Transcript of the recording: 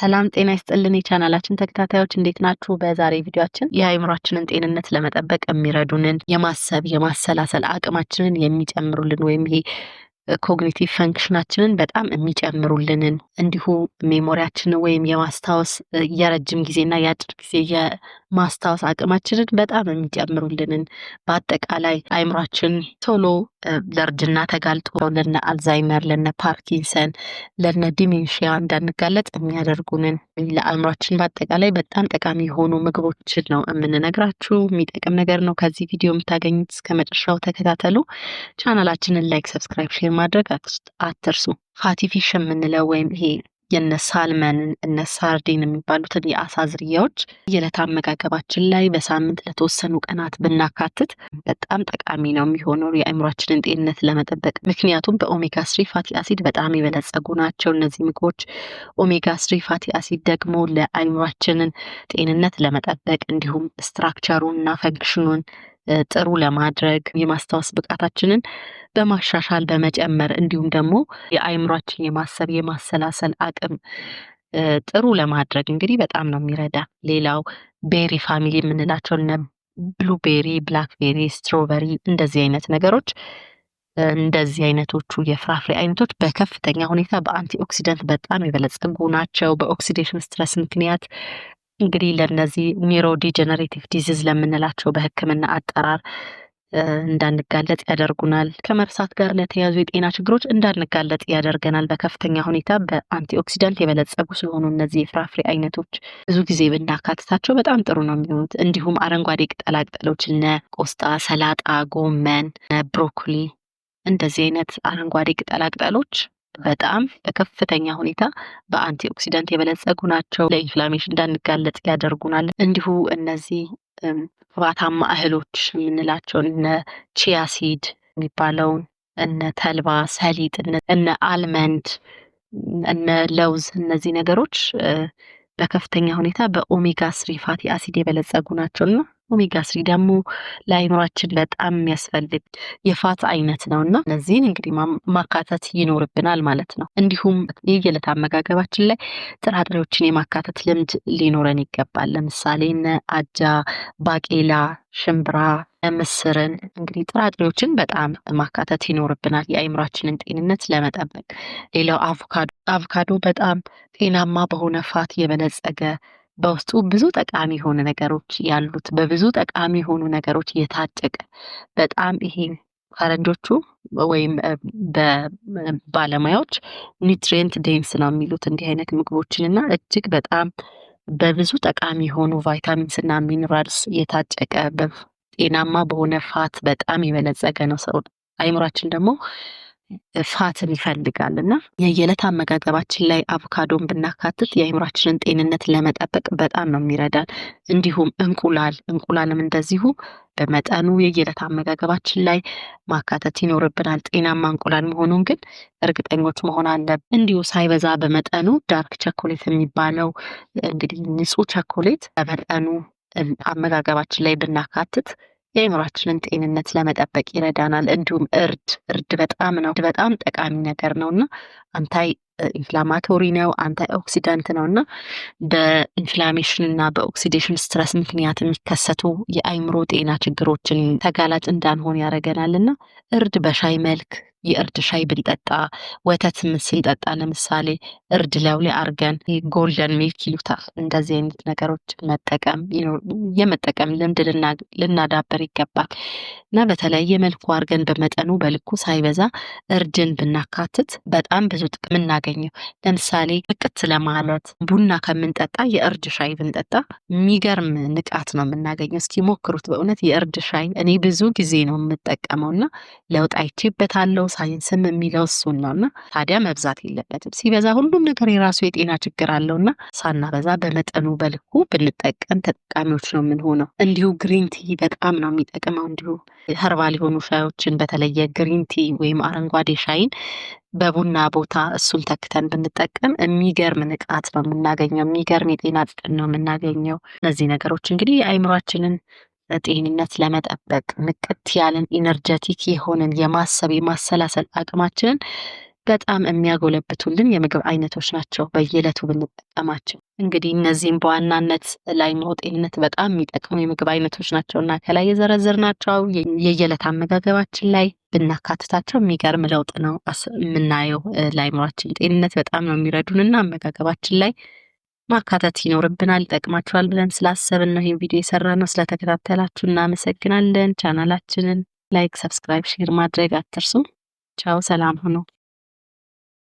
ሰላም ጤና ይስጥልን የቻናላችን ተከታታዮች እንዴት ናችሁ? በዛሬ ቪዲዮችን የአእምሯችንን ጤንነት ለመጠበቅ የሚረዱንን የማሰብ የማሰላሰል አቅማችንን የሚጨምሩልን ወይም ይሄ ኮግኒቲቭ ፈንክሽናችንን በጣም የሚጨምሩልንን እንዲሁ ሜሞሪያችንን ወይም የማስታወስ የረጅም ጊዜና የአጭር ጊዜ የማስታወስ አቅማችንን በጣም የሚጨምሩልንን በአጠቃላይ አይምሯችን ቶሎ ለእርጅና ተጋልጦ ለነ አልዛይመር ለነ ፓርኪንሰን ለነ ዲሜንሽያ እንዳንጋለጥ የሚያደርጉንን ለአእምሯችን በአጠቃላይ በጣም ጠቃሚ የሆኑ ምግቦችን ነው የምንነግራችሁ። የሚጠቅም ነገር ነው ከዚህ ቪዲዮ የምታገኙት። እስከ መጨረሻው ተከታተሉ። ቻናላችንን ላይክ፣ ሰብስክራይብ፣ ሼር ማድረግ አትርሱ። ፋቲፊሽ የምንለው ወይም ይሄ የነ ሳልመንን እነ ሳርዲን የሚባሉትን የአሳ ዝርያዎች የዕለት አመጋገባችን ላይ በሳምንት ለተወሰኑ ቀናት ብናካትት በጣም ጠቃሚ ነው የሚሆነው የአእምሯችንን ጤንነት ለመጠበቅ። ምክንያቱም በኦሜጋ ስሪ ፋቲ አሲድ በጣም የበለጸጉ ናቸው እነዚህ ምግቦች። ኦሜጋ ስሪ ፋቲ አሲድ ደግሞ ለአእምሯችንን ጤንነት ለመጠበቅ እንዲሁም ስትራክቸሩን እና ፈንክሽኑን ጥሩ ለማድረግ የማስታወስ ብቃታችንን በማሻሻል በመጨመር እንዲሁም ደግሞ የአይምሯችን የማሰብ የማሰላሰል አቅም ጥሩ ለማድረግ እንግዲህ በጣም ነው የሚረዳ። ሌላው ቤሪ ፋሚሊ የምንላቸው እነ ብሉቤሪ፣ ብላክቤሪ፣ ስትሮበሪ እንደዚህ አይነት ነገሮች እንደዚህ አይነቶቹ የፍራፍሬ አይነቶች በከፍተኛ ሁኔታ በአንቲ በጣም የበለጸጉ ናቸው። በኦክሲዴሽን ስትረስ ምክንያት እንግዲህ ለነዚህ ኒውሮ ዲጀነሬቲቭ ዲዚዝ ለምንላቸው በህክምና አጠራር እንዳንጋለጥ ያደርጉናል። ከመርሳት ጋር ለተያዙ የጤና ችግሮች እንዳንጋለጥ ያደርገናል። በከፍተኛ ሁኔታ በአንቲኦክሲዳንት የበለጸጉ ሲሆኑ እነዚህ የፍራፍሬ አይነቶች ብዙ ጊዜ ብናካትታቸው በጣም ጥሩ ነው የሚሆኑት። እንዲሁም አረንጓዴ ቅጠላቅጠሎች እነ ቆስጣ፣ ሰላጣ፣ ጎመን፣ ብሮኮሊ እንደዚህ አይነት አረንጓዴ ቅጠላቅጠሎች በጣም በከፍተኛ ሁኔታ በአንቲ ኦክሲደንት የበለጸጉ ናቸው። ለኢንፍላሜሽን እንዳንጋለጥ ያደርጉናል። እንዲሁ እነዚህ ቅባታማ እህሎች የምንላቸው እነ ቺያሲድ የሚባለውን እነ ተልባ ሰሊጥ፣ እነ አልመንድ፣ እነ ለውዝ እነዚህ ነገሮች በከፍተኛ ሁኔታ በኦሜጋ ስሪ ፋቲ አሲድ የበለጸጉ ናቸው እና ኦሜጋ ስሪ ደግሞ ለአይምሯችን በጣም የሚያስፈልግ የፋት አይነት ነው እና እነዚህን እንግዲህ ማካተት ይኖርብናል ማለት ነው። እንዲሁም የየዕለት አመጋገባችን ላይ ጥራጥሬዎችን የማካተት ልምድ ሊኖረን ይገባል። ለምሳሌ እነ አጃ፣ ባቄላ፣ ሽምብራ ምስርን እንግዲህ ጥራጥሬዎችን በጣም ማካተት ይኖርብናል የአይምሯችንን ጤንነት ለመጠበቅ። ሌላው አቮካዶ አቮካዶ በጣም ጤናማ በሆነ ፋት የበለጸገ በውስጡ ብዙ ጠቃሚ የሆኑ ነገሮች ያሉት በብዙ ጠቃሚ የሆኑ ነገሮች የታጨቀ በጣም ይሄ ፈረንጆቹ ወይም በባለሙያዎች ኒውትሪየንት ዴንስ ነው የሚሉት እንዲህ አይነት ምግቦችን እና እጅግ በጣም በብዙ ጠቃሚ የሆኑ ቫይታሚንስ እና ሚኒራልስ የታጨቀ ጤናማ በሆነ ፋት በጣም የበለጸገ ነው። ሰው አይምሯችን ደግሞ ፋትን ይፈልጋል እና የየዕለት አመጋገባችን ላይ አቮካዶን ብናካትት የአይምራችንን ጤንነት ለመጠበቅ በጣም ነው የሚረዳን። እንዲሁም እንቁላል እንቁላልም እንደዚሁ በመጠኑ የየዕለት አመጋገባችን ላይ ማካተት ይኖርብናል። ጤናማ እንቁላል መሆኑን ግን እርግጠኞች መሆን አለብን። እንዲሁ ሳይበዛ በመጠኑ ዳርክ ቸኮሌት የሚባለው እንግዲህ ንጹህ ቸኮሌት በመጠኑ አመጋገባችን ላይ ብናካትት የአእምሯችንን ጤንነት ለመጠበቅ ይረዳናል። እንዲሁም እርድ እርድ በጣም ነው በጣም ጠቃሚ ነገር ነው እና አንታይ ኢንፍላማቶሪ ነው፣ አንታይ ኦክሲዳንት ነው እና በኢንፍላሜሽን እና በኦክሲዴሽን ስትረስ ምክንያት የሚከሰቱ የአእምሮ ጤና ችግሮችን ተጋላጭ እንዳንሆን ያደርገናል እና እርድ በሻይ መልክ የእርድ ሻይ ብንጠጣ ወተት ምን ስንጠጣ ለምሳሌ እርድ ላዩ ላይ አርገን ጎልደን ሚልክ ይሉታል። እንደዚህ አይነት ነገሮች መጠቀም የመጠቀም ልምድ ልናዳበር ይገባል እና በተለያየ መልኩ አርገን በመጠኑ በልኩ ሳይበዛ እርድን ብናካትት በጣም ብዙ ጥቅም እናገኘው። ለምሳሌ ቅቅት ለማለት ቡና ከምንጠጣ የእርድ ሻይ ብንጠጣ የሚገርም ንቃት ነው የምናገኘው። እስኪ ሞክሩት በእውነት የእርድ ሻይ እኔ ብዙ ጊዜ ነው የምጠቀመው እና ለውጥ አይቼበታለሁ። ሳይንስም የሚለው እሱን ነው እና ታዲያ መብዛት የለበትም። ሲበዛ ሁሉም ነገር የራሱ የጤና ችግር አለው እና ሳናበዛ በመጠኑ በልኩ ብንጠቀም ተጠቃሚዎች ነው የምንሆነው። እንዲሁ ግሪን ቲ በጣም ነው የሚጠቅመው። እንዲሁ ኸርባል የሆኑ ሻዮችን በተለየ ግሪን ቲ ወይም አረንጓዴ ሻይን በቡና ቦታ እሱን ተክተን ብንጠቀም የሚገርም ንቃት ነው የምናገኘው። የሚገርም የጤና ጥቅም ነው የምናገኘው። እነዚህ ነገሮች እንግዲህ አይምሯችንን። ጤንነት ለመጠበቅ ንቅት ያለን ኢነርጀቲክ የሆነን የማሰብ የማሰላሰል አቅማችንን በጣም የሚያጎለብቱልን የምግብ አይነቶች ናቸው በየዕለቱ ብንጠቀማቸው። እንግዲህ እነዚህም በዋናነት ለአእምሮ ጤንነት በጣም የሚጠቅሙ የምግብ አይነቶች ናቸው እና ከላይ የዘረዘርናቸው የየዕለት አመጋገባችን ላይ ብናካትታቸው የሚገርም ለውጥ ነው የምናየው። ለአእምሯችን ጤንነት በጣም ነው የሚረዱን እና አመጋገባችን ላይ ማካተት ይኖርብናል። ይጠቅማችኋል ብለን ስላሰብን ነው ይህን ቪዲዮ የሰራ ነው። ስለተከታተላችሁ እናመሰግናለን። ቻናላችንን ላይክ፣ ሰብስክራይብ፣ ሼር ማድረግ አትርሱ። ቻው፣ ሰላም ሁኑ።